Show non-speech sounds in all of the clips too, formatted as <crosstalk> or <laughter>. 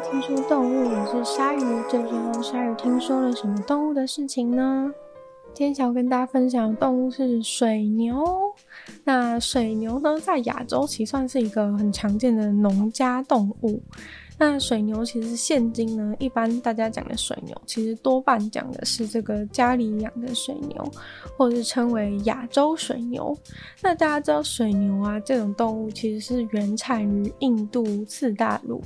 聽說動物也是鯊魚，這時候鯊魚聽說了什麼動物的事情呢？今天想要跟大家分享的動物是水牛。那水牛呢，在亞洲其實算是一個很常見的農家動物。那水牛其實現今呢，一般大家講的水牛，其實多半講的是這個家裡養的水牛，或者是稱為亞洲水牛。那大家知道水牛啊，這種動物，其實是原產於印度次大陸，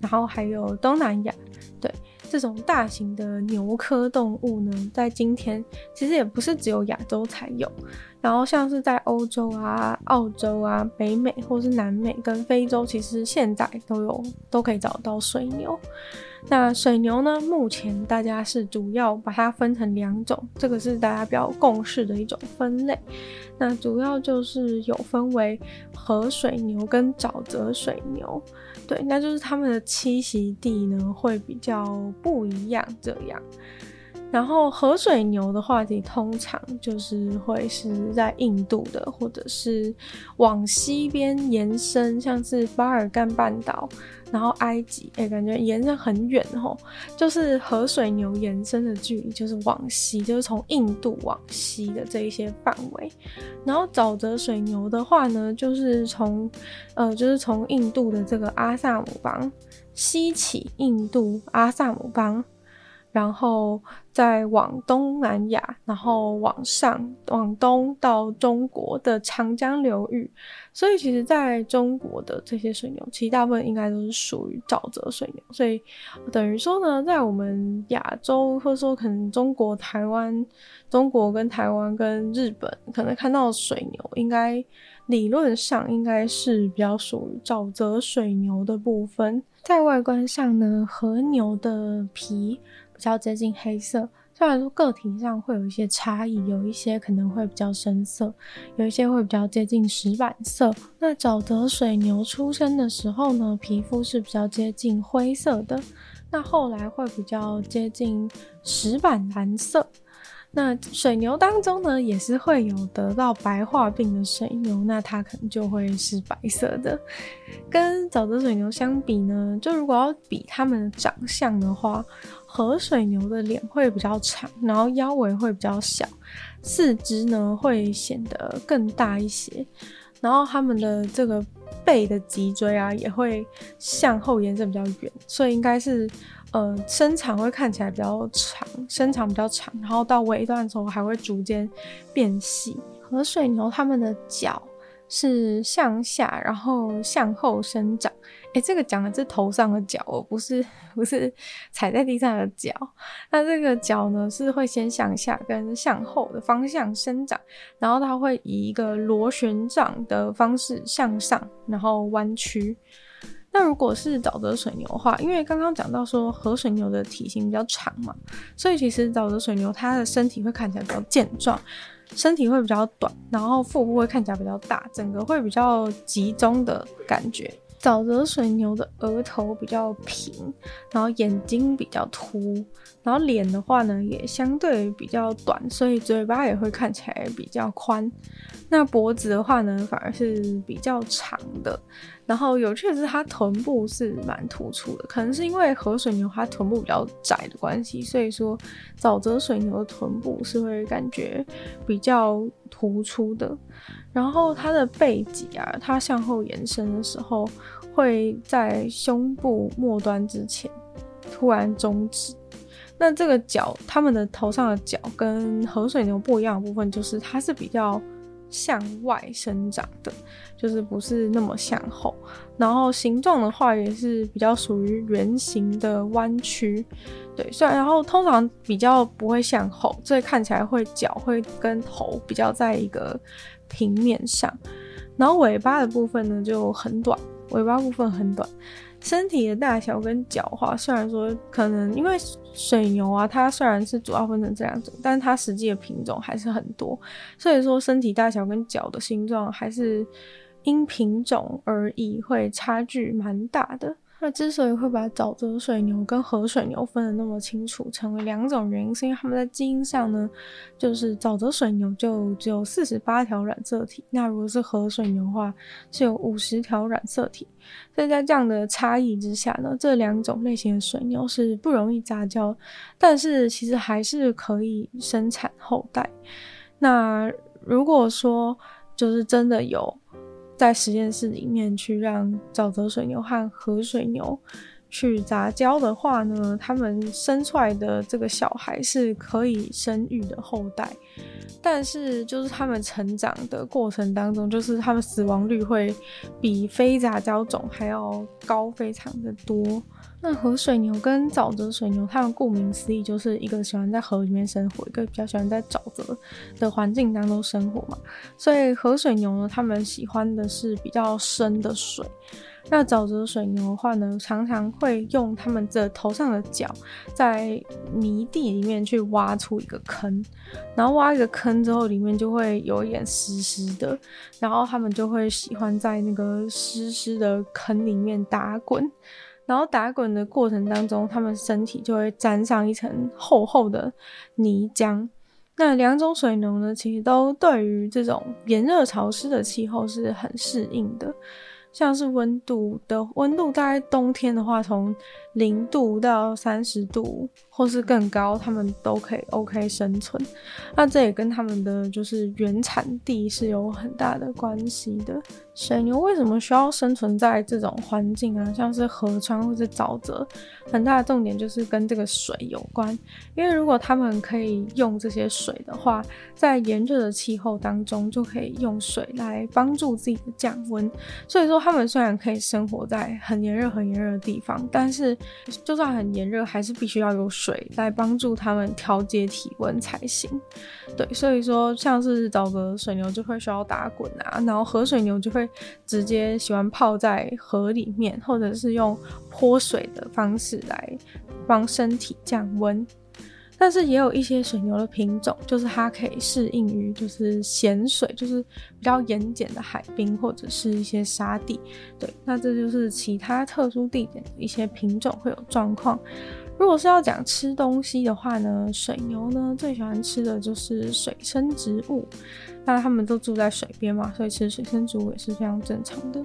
然後還有東南亞，對。這種大型的牛科動物呢，在今天其實也不是只有亞洲才有，然後像是在歐洲啊、澳洲啊、北美或是南美跟非洲，其實現在都有，都可以找到水牛。那水牛呢？目前大家是主要把它分成兩種，這個是大家比較共識的一種分類。那主要就是有分為河水牛跟沼澤水牛。對，那就是它們的棲息地呢會比較不一樣這樣。然後河水牛的話題通常就是會是在印度的，或者是往西邊延伸，像是巴爾幹半島。然後埃及，哎，感覺延伸很遠吼、哦，就是河水牛延伸的距離，就是往西，就是從印度往西的這一些範圍。然後沼澤水牛的話呢，就是從，呃，就是從印度的這個阿薩姆邦，西起印度阿薩姆邦。然後再往東南亞，然後往上往東到中國的長江流域，所以其實在中國的這些水牛，其實大部分應該都是屬於沼澤水牛。所以等於說呢，在我們亞洲，或者說可能中國、台灣、中國跟台灣跟日本，可能看到水牛，應該理論上應該是比較屬於沼澤水牛的部分。在外觀上呢，河牛的皮。比較接近黑色，雖然說個體上會有一些差異，有一些可能會比較深色，有一些會比較接近石板色。那沼澤水牛出生的時候呢，皮膚是比較接近灰色的，那後來會比較接近石板藍色。那水牛當中呢，也是會有得到白化病的水牛，那它可能就會是白色的。跟沼澤水牛相比呢，就如果要比它們的長相的話。河水牛的臉會比較長，然後腰圍會比較小，四肢呢會顯得更大一些，然後它們的這個背的脊椎啊也會向後延伸比較遠，所以應該是呃身長會看起來比較長，身長比較長，然後到尾段的時候還會逐漸變細。河水牛它們的腳是向下然後向後生長。誒、欸、這個講的是頭上的角，而不是不是踩在地上的腳。那這個角呢，是會先向下跟向後的方向生長，然後它會以一個螺旋狀的方式向上，然後彎曲。那如果是沼澤水牛的話，因為剛剛講到說河水牛的體型比較長嘛，所以其實沼澤水牛它的身體會看起來比較健壯，身體會比較短，然後腹部會看起來比較大，整個會比較集中的感覺。沼澤水牛的額頭比較平，然後眼睛比較凸，然後臉的話呢也相對比較短，所以嘴巴也會看起來比較寬。那脖子的話呢，反而是比較長的。然後有趣的是，它臀部是蠻突出的，可能是因為河水牛它臀部比較窄的關係，所以說沼澤水牛的臀部是會感覺比較突出的。然後它的背脊啊，它向後延伸的時候。會在胸部末端之前突然終止。那這個角，他們的頭上的角跟河水牛不一樣的部分，就是它是比較向外生長的，就是不是那麼向後。然後形狀的話也是比較屬於圓形的彎曲，對，雖然，然後通常比較不會向後，所以看起來會角會跟頭比較在一個平面上。然後尾巴的部分呢就很短。尾巴部分很短，身體的大小跟腳的話，雖然說可能因為水牛啊，它雖然是主要分成這兩種，但它實際的品種還是很多，所以說身體大小跟腳的形狀還是因品種而異，會差距蠻大的。那之所以會把沼澤水牛跟河水牛分得那麼清楚，成為兩種原因，是因為它們在基因上呢，就是沼澤水牛就只有四十八條染色體，那如果是河水牛的話是有五十條染色體。所以在這樣的差異之下呢，這兩種類型的水牛是不容易雜交，但是其實還是可以生產後代。那如果說就是真的有。在實驗室裡面去讓沼澤水牛和河水牛，去雜交的話呢，他們生出來的這個小孩是可以生育的後代，但是就是他們成長的過程當中，就是他們死亡率會比非雜交種還要高，非常的多。那河水牛跟沼澤水牛，它們顧名思義就是一個喜歡在河裡面生活，一個比較喜歡在沼澤的環境當中生活嘛。所以河水牛呢，他們喜歡的是比較深的水。那沼澤水牛的話呢，常常會用他們的頭上的角在泥地裡面去挖出一個坑，然後挖一個坑之後，裡面就會有一點濕濕的，然後他們就會喜歡在那個濕濕的坑裡面打滾，然後打滾的過程當中，他們身體就會沾上一層厚厚的泥漿。那兩種水牛呢，其實都對於這種炎熱潮濕的氣候是很適應的。像是溫度的溫度，大概冬天的話，從零度到三十度，或是更高，他們都可以 OK 生存。那這也跟他們的就是原產地是有很大的關係的。水牛為什麼需要生存在這種環境啊？像是河川或是沼澤，很大的重點就是跟這個水有關。因為如果他們可以用這些水的話，在炎熱的氣候當中，就可以用水來幫助自己的降溫。所以說，他們雖然可以生活在很炎熱、很炎熱的地方，但是就算很炎熱，還是必須要有水。水來幫助他們調節體溫才行，對，所以說像是沼澤水牛就會需要打滾啊，然後河水牛就會直接喜歡泡在河裡面，或者是用潑水的方式來幫身體降溫。但是也有一些水牛的品種，就是它可以適應於就是鹹水，就是比較鹽鹼的海濱或者是一些沙地。對，那這就是其他特殊地點的一些品種會有狀況。如果是要講吃東西的話呢，水牛呢最喜歡吃的就是水生植物。當然，它們都住在水邊嘛，所以吃水生植物也是非常正常的。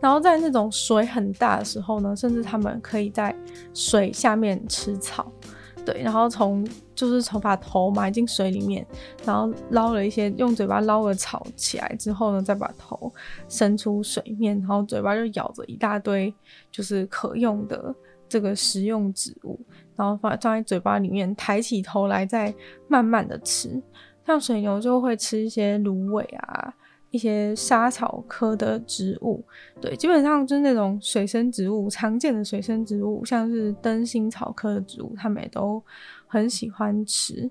然後在那種水很大的時候呢，甚至它們可以在水下面吃草。對，然後從就是從把頭埋進水裡面，然後撈了一些，用嘴巴撈了草起來之後呢，再把頭伸出水面，然後嘴巴就咬着一大堆就是可用的。這個食用植物，然後放在嘴巴裡面，抬起頭來再慢慢的吃。像水牛就會吃一些蘆葦啊，一些莎草科的植物。對，基本上就是那種水生植物，常見的水生植物，像是燈心草科的植物，它們也都。很喜歡吃，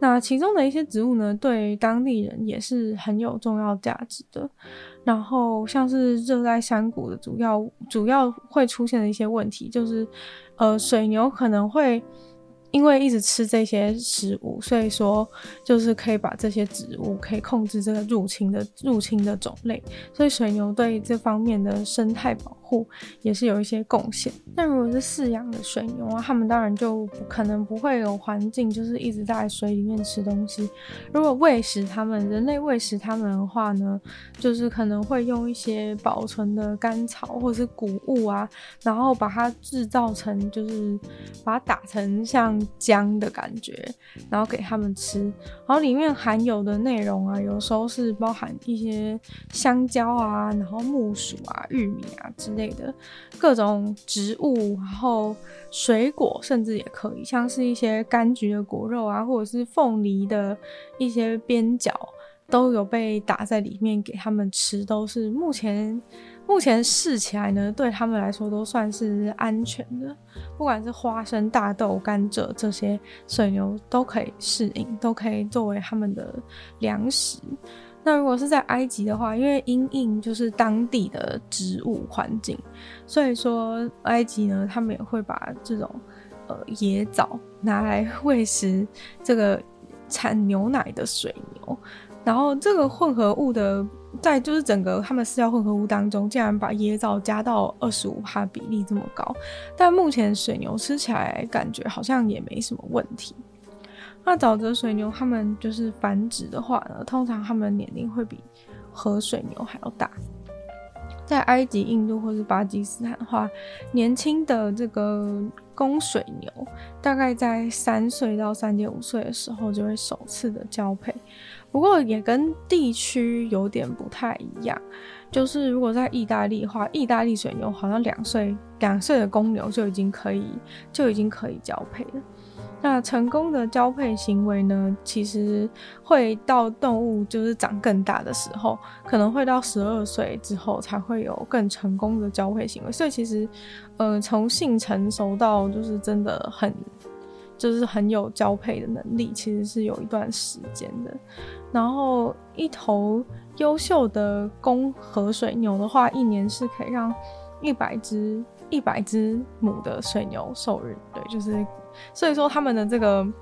那其中的一些植物呢，對當地人也是很有重要價值的。然後像是熱帶山谷的主要主要會出現的一些問題，就是，呃，水牛可能會因為一直吃這些食物，所以說就是可以把這些植物可以控制這個入侵的入侵的種類，所以水牛對這方面的生態保護。也是有一些貢獻。那如果是飼養的水牛啊，他們當然就不可能不會有環境，就是一直在水裡面吃東西。如果餵食它們，人類餵食它們的話呢，就是可能會用一些保存的乾草或者是穀物啊，然後把它製造成就是把它打成像漿的感覺，然後給他們吃。然後裡面含有的內容啊，有時候是包含一些香蕉啊，然後木薯啊、玉米啊之類的。各種植物，然後水果甚至也可以，像是一些柑橘的果肉啊，或者是鳳梨的一些邊角，都有被打在裡面給他們吃。都是目前，目前試起來呢，對他們來說都算是安全的。不管是花生、大豆、甘蔗這些，水牛都可以適應，都可以作為他們的糧食。那如果是在埃及的話，因為因應就是當地的植物環境，所以說埃及呢，他們也會把這種呃椰棗拿來餵食這個產牛奶的水牛。然後這個混合物的在就是整個他們飼料混合物當中，竟然把椰棗加到二十五趴比例這麼高，但目前水牛吃起來感覺好像也沒什麼問題。那沼澤水牛，它們就是繁殖的話呢，通常它們年齡會比河水牛還要大。在埃及、印度或是巴基斯坦的話，年輕的這個公水牛大概在三歲到三點五歲的時候就會首次的交配。不過也跟地區有點不太一樣，就是如果在意大利的話，意大利水牛好像兩歲兩歲的公牛就已經可以就已經可以交配了。那成功的交配行為呢，其實會到動物就是長更大的時候，可能會到十二歲之後才會有更成功的交配行為。所以其實，呃，從性成熟到就是真的很。就是很有交配的能力，其實是有一段時間的。然後一頭優秀的公河水牛的話，一年是可以讓一百隻一百隻母的水牛受孕。對，就是所以說他們的這個。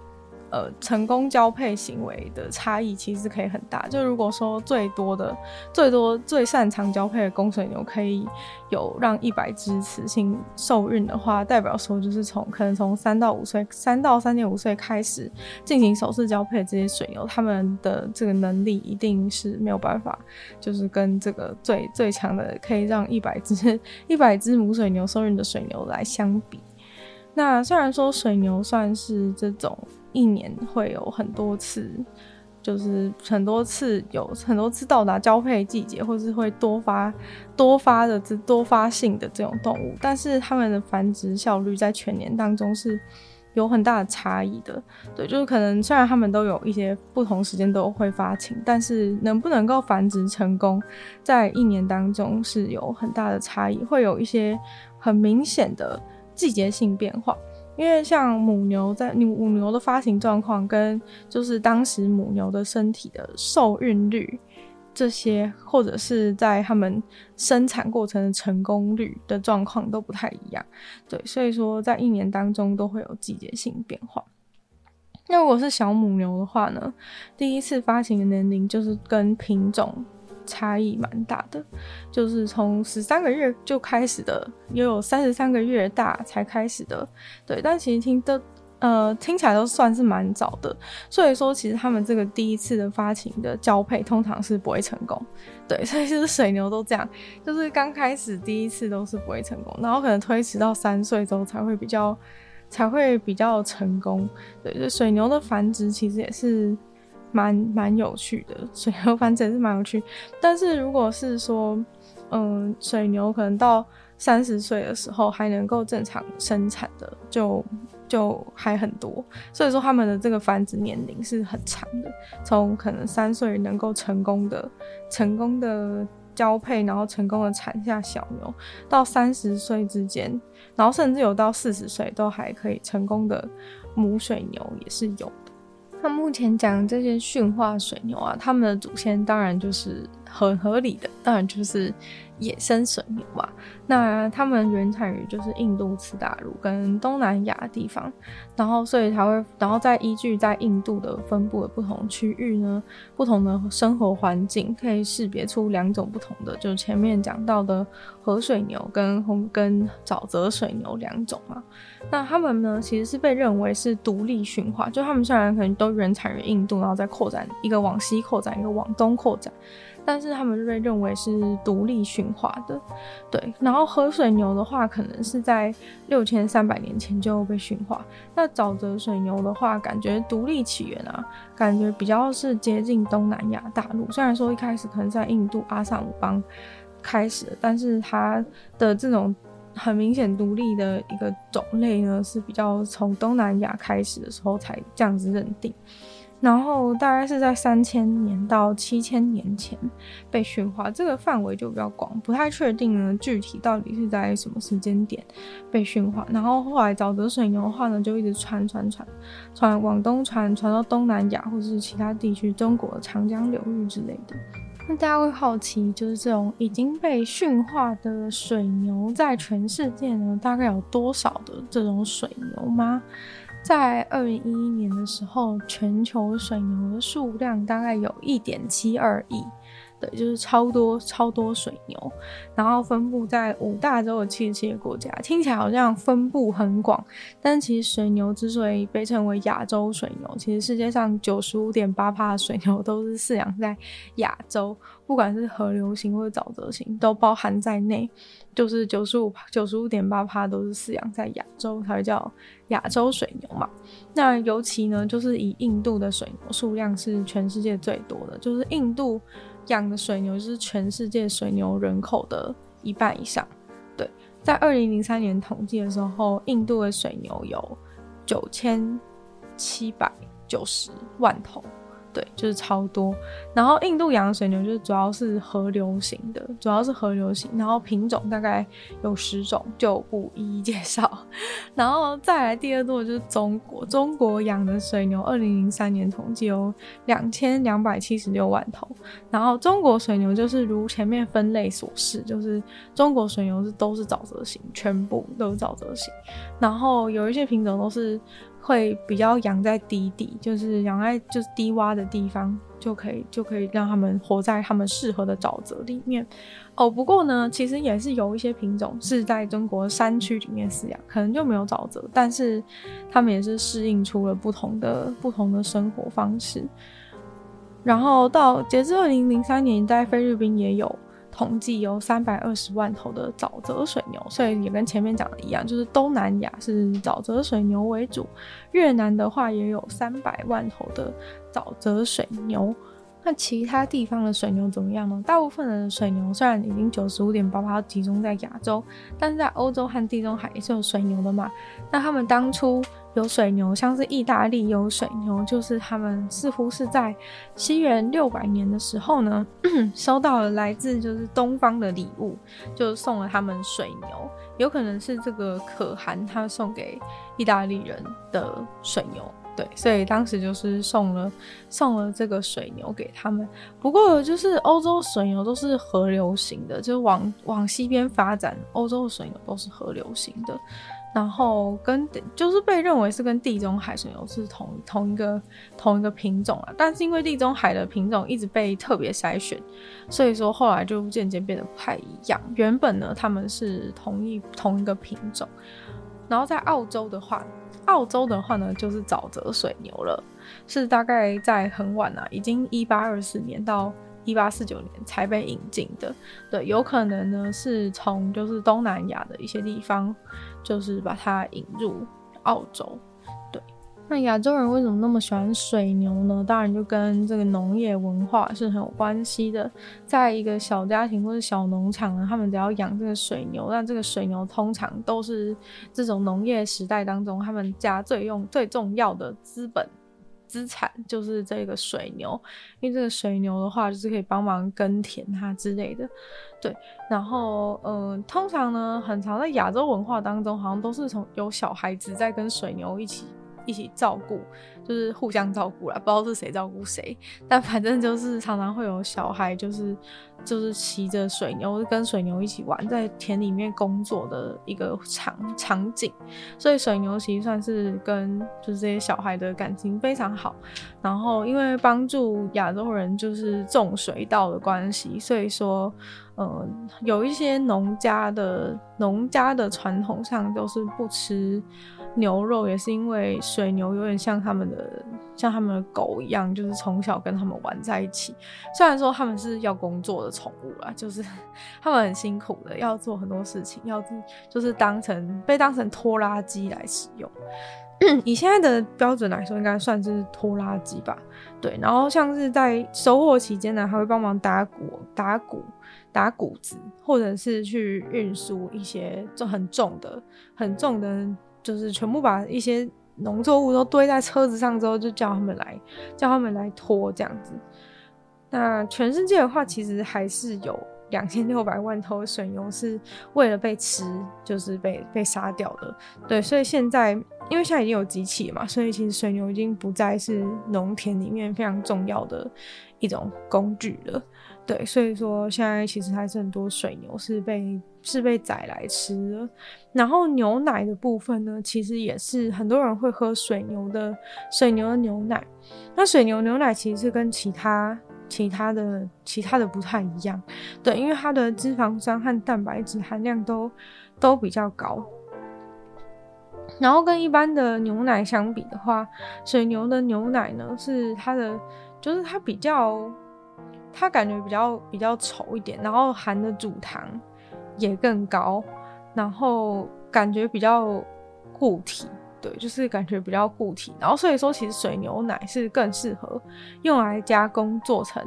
呃，成功交配行為的差異其實可以很大。就如果說最多的，最多、最擅長交配的公水牛可以有讓一百隻雌性受孕的話，代表說就是從可能從三到五歲，三到三點五歲開始進行首次交配的這些水牛，他們的這個能力一定是沒有辦法，就是跟這個最最強的可以讓一百隻一百隻母水牛受孕的水牛來相比。那雖然說水牛算是這種。一年會有很多次，就是很多次，有很多次到達交配季節，或是會多發、多發的這多發性的這種動物，但是它們的繁殖效率在全年當中是有很大的差異的。對，就是可能雖然它們都有一些不同時間都會發情，但是能不能夠繁殖成功，在一年當中是有很大的差異，會有一些很明顯的季節性變化。因為像母牛在母牛的發情狀況跟就是當時母牛的身體的受孕率這些，或者是在它們生產過程的成功率的狀況都不太一樣，對，所以說在一年當中都會有季節性變化。那如果是小母牛的話呢，第一次發情的年齡就是跟品種差異蠻大的，就是從十三個月就開始的，也有三十三個月大才開始的，對。但其實聽的，呃，聽起來都算是蠻早的，所以說其實他們這個第一次的發情的交配通常是不會成功，對。所以就是水牛都這樣，就是剛開始第一次都是不會成功，然後可能推遲到三歲之後才會比較，才會比較成功，對。就水牛的繁殖其實也是。蠻蠻有趣的，水牛繁殖也是蠻有趣。但是如果是說，嗯，水牛可能到三十歲的時候還能夠正常生產的，就就還很多。所以說，他們的這個繁殖年齡是很長的，從可能三歲能夠成功的、成功的交配，然後成功的產下小牛，到三十歲之間，然後甚至有到四十歲都還可以成功的母水牛也是有。那目前講這些馴化水牛啊，他們的祖先當然就是很合理的，當然就是野生水牛啊。那他們原產於就是印度次大陸跟東南亞地方，然後所以才會，然後再依據在印度的分布的不同區域呢，不同的生活環境，可以識別出兩種不同的，就是前面講到的河水牛跟紅跟沼澤水牛兩種嘛、啊。那他們呢，其實是被認為是獨立馴化，就他們雖然可能都原產於印度，然後再擴展一個往西擴展一個往東擴展，但是他們就被認為是獨立馴化的，對，然後。河水牛的話，可能是在六千三百年前就被馴化。那沼澤水牛的話，感覺獨立起源啊，感覺比較是接近東南亞大陸。雖然說一開始可能是在印度阿薩姆邦開始，但是它的這種很明顯獨立的一個種類呢，是比較從東南亞開始的時候才這樣子認定。然後大概是在三千年到七千年前被馴化，這個範圍就比較廣，不太確定呢，具體到底是在什麼時間點被馴化。然後後來沼澤水牛的話呢，就一直傳傳傳傳往東傳，傳到東南亞或者是其他地區，中國的長江流域之類的。那大家會好奇，就是這種已經被馴化的水牛，在全世界呢大概有多少的這種水牛嗎？在二零一一年的時候，全球水牛的數量大概有一點七二億，對，就是超多超多水牛，然後分布在五大洲的七十七個國家，聽起來好像分布很廣，但其實水牛之所以被稱為亞洲水牛，其實世界上九十五點八趴的水牛都是飼養在亞洲。不管是河流型或者沼澤型，都包含在內，就是九十五、九十五點八趴都是飼養在亞洲，才會叫亞洲水牛嘛。那尤其呢，就是以印度的水牛數量是全世界最多的，就是印度養的水牛就是全世界水牛人口的一半以上。對，在二零零三年統計的時候，印度的水牛有九千七百九十萬頭。對，就是超多。然後印度養的水牛就是主要是河流型的，主要是河流型。然後品種大概有十種，就不一一介紹。然後再來第二多就是中國，中國養的水牛，二零零三年統計有兩千兩百七十六萬頭。然後中國水牛就是如前面分類所示，就是中國水牛是都是沼澤型，全部都是沼澤型。然後有一些品種都是。會比較養在低地，就是養在就是低窪的地方，就可以就可以讓他們活在他們適合的沼澤裡面。哦，不過呢，其實也是有一些品種是在中國山區裡面飼養，可能就沒有沼澤，但是他們也是適應出了不同的不同的生活方式。然後到截至二零零三年，在菲律賓也有，統計有三百二十萬頭的沼澤水牛，所以也跟前面講的一樣，就是東南亞是沼澤水牛為主。越南的話也有三百萬頭的沼澤水牛。那其他地方的水牛怎麼樣呢？大部分的水牛雖然已經九十五點八八集中在亞洲，但是在歐洲和地中海也是有水牛的嘛。那他們當初。有水牛，像是意大利有水牛，就是他們似乎是在西元六百年的時候呢， <coughs> 收到了來自就是東方的禮物，就送了他們水牛，有可能是這個可汗他送給意大利人的水牛。對，所以當時就是送了送了這個水牛給他們。不過就是歐洲水牛都是河流型的，就是往往西邊發展，歐洲水牛都是河流型的。然後跟就是被認為是跟地中海水牛是同同一個同一個品種啊。但是因為地中海的品種一直被特別篩選，所以說後來就漸漸變得不太一樣。原本呢，他們是同一同一個品種。然後在澳洲的話，澳洲的話呢，就是沼澤水牛了，是大概在很晚了、啊，已經一八二四年到一八四九年才被引進的。對，有可能呢是從就是東南亞的一些地方，就是把它引入澳洲。那亞洲人為什麼那麼喜歡水牛呢？當然就跟這個農業文化是很有關係的。在一個小家庭或者小農場呢，他們只要養這個水牛，那這個水牛通常都是這種農業時代當中他們家最用最重要的資本資產就是這個水牛，因為這個水牛的話就是可以幫忙耕田啊之類的。對，然後嗯、呃，通常呢，很常在亞洲文化當中，好像都是從有小孩子在跟水牛一起。一起照顧，就是互相照顧啦。不知道是誰照顧誰，但反正就是常常會有小孩，就是。就是騎着水牛，跟水牛一起玩，在田裡面工作的一個場場景。所以水牛其實算是跟就是這些小孩的感情非常好。然後因為幫助亞洲人就是種水稻的關係，所以說，嗯，有一些農家的農家的傳統上都是不吃牛肉，也是因為水牛有點像他們的像他們的狗一樣，就是從小跟他們玩在一起。雖然說他們是要工作的。寵物啊，就是他們很辛苦的，要做很多事情，要就是當成被當成拖拉機來使用。 <coughs> 以現在的標準來說，應該算是拖拉機吧？對。然後像是在收穫期間呢，還會幫忙打穀、打穀、打穀子，或者是去運輸一些就很重的、很重的，就是全部把一些農作物都堆在車子上之後，就叫他們來，叫他們來拖這樣子。那全世界的話，其實還是有兩千六百萬頭的水牛是為了被吃，就是被被殺掉的。對，所以現在，因為現在已經有機器嘛，所以其實水牛已經不再是農田裡面非常重要的一種工具了。對，所以說現在其實還是很多水牛是被是被宰來吃的。然後牛奶的部分呢，其實也是很多人會喝水牛的水牛的牛奶。那水牛牛奶其實是跟其他其他的其他的不太一樣，對，因為它的脂肪酸和蛋白質含量都都比較高。然後跟一般的牛奶相比的話，水牛的牛奶呢，是它的，就是它比較，它感覺比較比較稠一點，然後含的乳糖也更高，然後感覺比較固體。對，就是感覺比較固體，然後所以說其實水牛奶是更適合用來加工做成，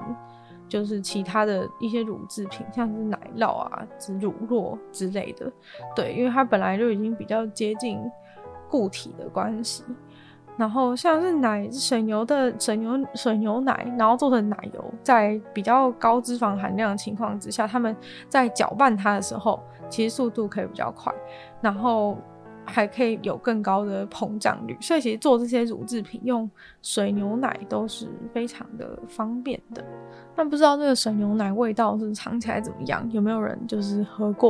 就是其他的一些乳製品，像是奶酪啊、之乳酪之類的。對，因為它本來就已經比較接近固體的關係，然後像是奶水牛的水牛水牛奶，然後做成奶油，在比較高脂肪含量的情況之下，他們在攪拌它的時候，其實速度可以比較快，然後。還可以有更高的膨脹率，所以其實做這些乳製品用水牛奶都是非常的方便的。但不知道這個水牛奶味道是嚐起來怎麼樣？有沒有人就是喝過？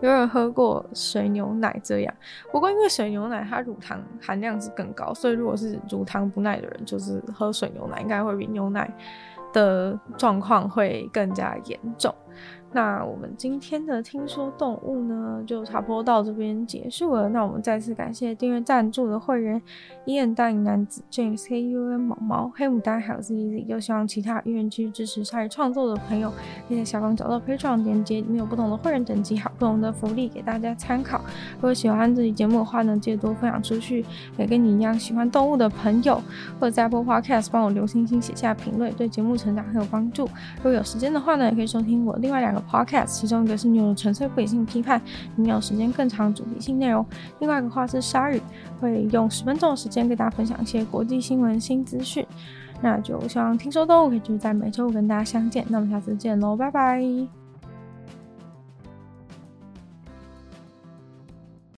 有沒有人喝過水牛奶這樣？不過因為水牛奶它乳糖含量是更高，所以如果是乳糖不耐的人，就是喝水牛奶應該會比牛奶的狀況會更加嚴重。那我們今天的聽說動物呢，就差不多到這邊結束了。那我們再次感謝訂閱贊助的會員燕蛋男子 James K U M、毛毛黑牡丹，還有 Z Z。又希望其他音樂劇支持參與創作的朋友，可以在下方找到 Patreon 鏈接，裡面有不同的會員等級，好不同的福利給大家參考。如果喜歡這期節目的話呢，記得多分享出去，也跟你一樣喜歡動物的朋友，或者在 Podcast 幫我留星星、寫下評論，對節目成長很有幫助。如果有時間的話呢，也可以收聽我另外兩個。Podcast，其中一個是女友的純粹不理性的批判，你有時間更長主題性內容，另外一個話是鯊語，會用十分鐘的時間跟大家分享一些國際新聞新資訊。那就希望聽說都我可以繼續在每周五跟大家相見。那我們下次見嘍，拜拜。